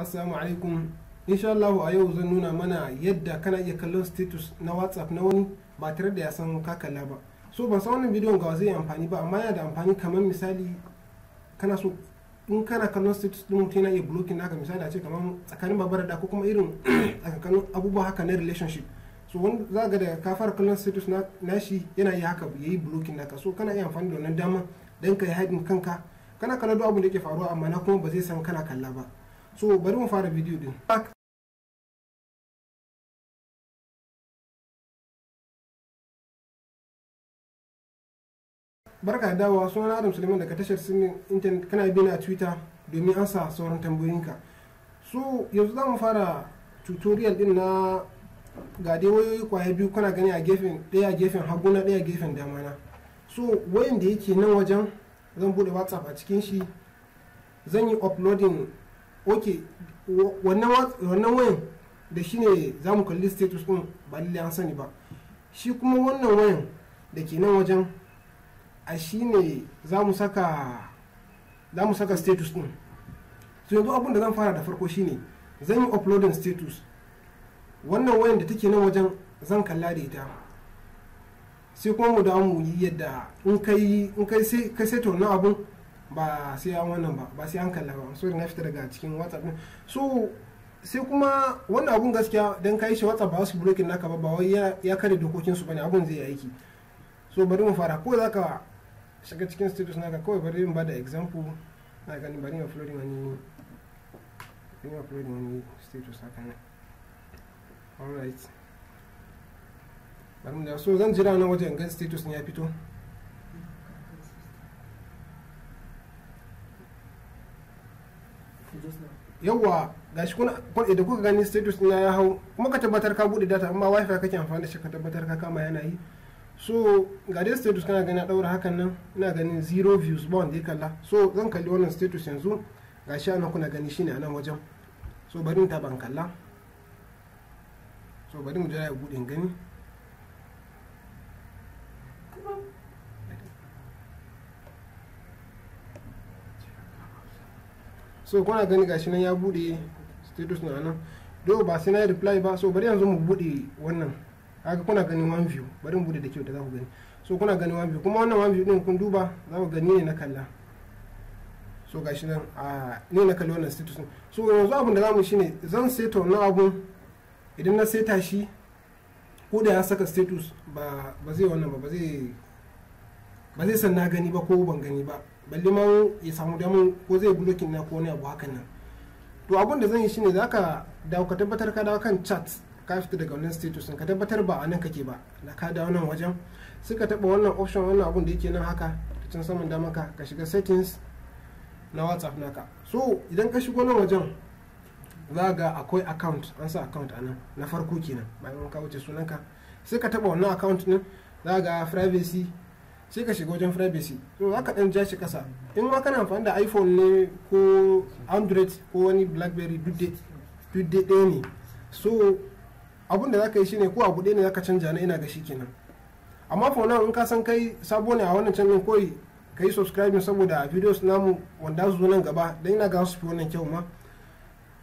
assalamu alaikum insha Allah a yau zan nuna mana yadda kana iya kallon status na whatsapp na wani ba tare da ya san ka kalla ba so ban san wannan bidiyon ga zai amfani ba amma yana da amfani kamar misali kana so in kana kallon status din mutum yana iya blocking naka misali a ce kamar tsakanin babbar da ko kuma irin tsakanin abubuwa haka na relationship so wani za ga da ka fara kallon status na shi yana iya haka yi blocking naka so kana iya amfani da wannan dama dan ka yi haɗin kanka kana kallon duk abin da yake faruwa amma na kuma ba zai san kana kalla ba so bari mu fara bidiyo din barka da dawowa sunan adam suleiman daga tashar sinin intanet kana bi na twitter domin ansa sauran tambayoyinka so yanzu za mu fara tutorial din na ga wayoyi kwaya biyu kana gani a gefen daya gefen hagu na daya gefen dama na so wayan da yake nan wajen zan bude whatsapp a cikin shi zan yi uploading ok wannan wayan da shi ne za mu kalli status ɗin ba lalle an sani ba shi kuma wannan wayan da ke nan wajen a shi ne za mu saka status ɗin su yanzu abin da zan fara da farko shine zan yi uploading status wannan wayan da take nan wajen zan kalla da ita sai kuma mu damu mu yi yadda in kai sai ka abin ba sai an wannan ba ba sai an kalla ba so na fita daga cikin whatsapp din so sai kuma wannan abun gaskiya dan kai shi whatsapp ba su blokin naka ba ba wai ya kare dokokin su bane abun zai yi aiki so bari mu fara ko zaka shiga cikin status naka kawai bari mu bada example na gani bari mu uploading wani bari mu uploading wani status haka ne alright bari mu da so zan jira nan wajen gan status ne ya fito yawwa gashi kuna da kuka gani status na ya hau kuma ka tabbatar ka bude data amma wifi kake amfani da shi ka tabbatar ka kama yana yi so ga dai status kana gani a daura hakan nan ina ganin zero views ba wanda ya kalla so zan kalli wannan status yanzu gashi ana kuna gani shine a nan wajen so bari ta ban kalla so bari mu jira ya bude gani so kuna gani gashi nan ya bude status na nan do ba sai na reply ba so bari yanzu mu bude wannan haka kuna ganin one view bari mu bude da kyau da za ku gani so kuna gani one view kuma wannan one view din kun duba za ku gani ne na kalla so gashi nan a ne na kalli wannan status so yanzu abin da zamu shine zan seto na abun idan na seta shi ko da ya saka status ba ba zai wannan ba ba zai ba zai san na gani ba ko ban gani ba balle ya samu damar ko zai bulokin na ko wani abu hakan nan to abun da zan yi shine zaka dawo ka tabbatar ka dawo kan chat ka fita daga wannan status ka tabbatar ba a nan kake ba da ka dawo nan wajen sai ka taba wannan option wannan abun da yake nan haka ta can saman dama ka ka shiga settings na whatsapp naka so idan ka shigo nan wajen za ga akwai account an sa account anan na farko kenan bayan ka wuce sunanka sai ka taba wannan account din za ga privacy sai ka shiga wajen privacy to aka dan ja shi kasa in ma kana amfani da iphone ne ko android ko wani blackberry duk dai ɗaya ne so abun da ka yi shine ko abu ɗaya ne za ka canja na ina ga shi kenan amma fauna in ka san kai sabo ne a wannan canjin koyi ka yi subscribing saboda videos namu wanda su zo nan gaba dan ina ga su fi wannan kyau ma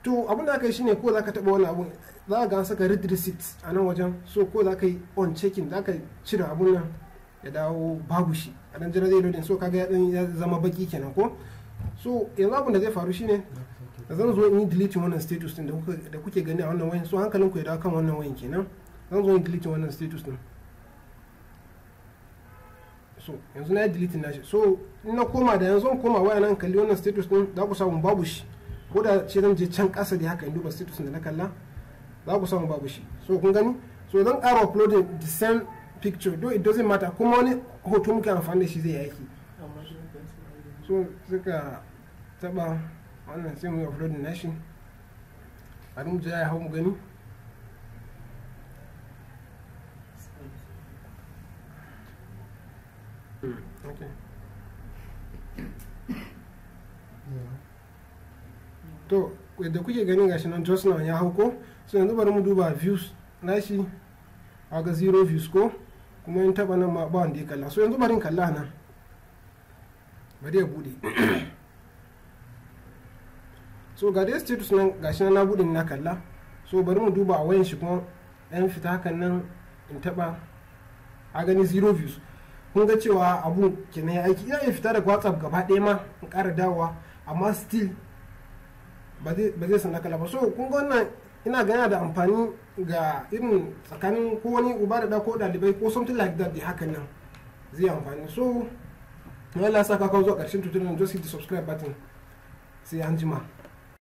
to abun da ka yi shine ko za ka taɓa wani abu za ka ga saka read receipt a nan wajen so ko za ka yi on checking ka cire abun nan ya dawo babu shi a dan jira zai loading so kaga ya zama baki kenan ko so yanzu abin da zai faru shine da zan zo in yi deleting wannan status din da kuke gani a wannan wayan so hankalin ku ya dawo kan wannan wayan kenan zan zo in deleting wannan status din so yanzu na yi deleting nashi so in na koma da yanzu koma wayan nan kalli wannan status din za ku samu babu shi ko da ce zan je can kasa da haka in duba status din da na kalla za ku samu babu shi so kun gani so zan ƙara uploading the same picture though it doesn't matter kuma wani hoto muke amfani da shi zai yaki so suka taba wannan sai mu upload na shi bari mu ya hau mu gani to yadda kuke ganin gashi nan just now ya hau ko so yanzu bari mu duba views na shi a ga zero views ko kuma in taba nan ma ba wanda ya kalla so yanzu barin kalla nan bari ya bude so ga dai status nan gashi na bude na kalla so bari mu duba a wayan shi kuma ɗan fita hakan nan in taba a gani zero views kun ga cewa abu kenan ya aiki ina iya fita daga whatsapp gaba ɗaya ma in ƙara dawowa amma still ba zai sana kalla ba so kun ga wannan ina gana da amfani ga irin tsakanin ko wani uba da ɗa ko ɗalibai ko something like that da hakan nan zai amfani so Allah ya saka kawo zuwa ƙarshen tutorial just hit the subscribe button sai an jima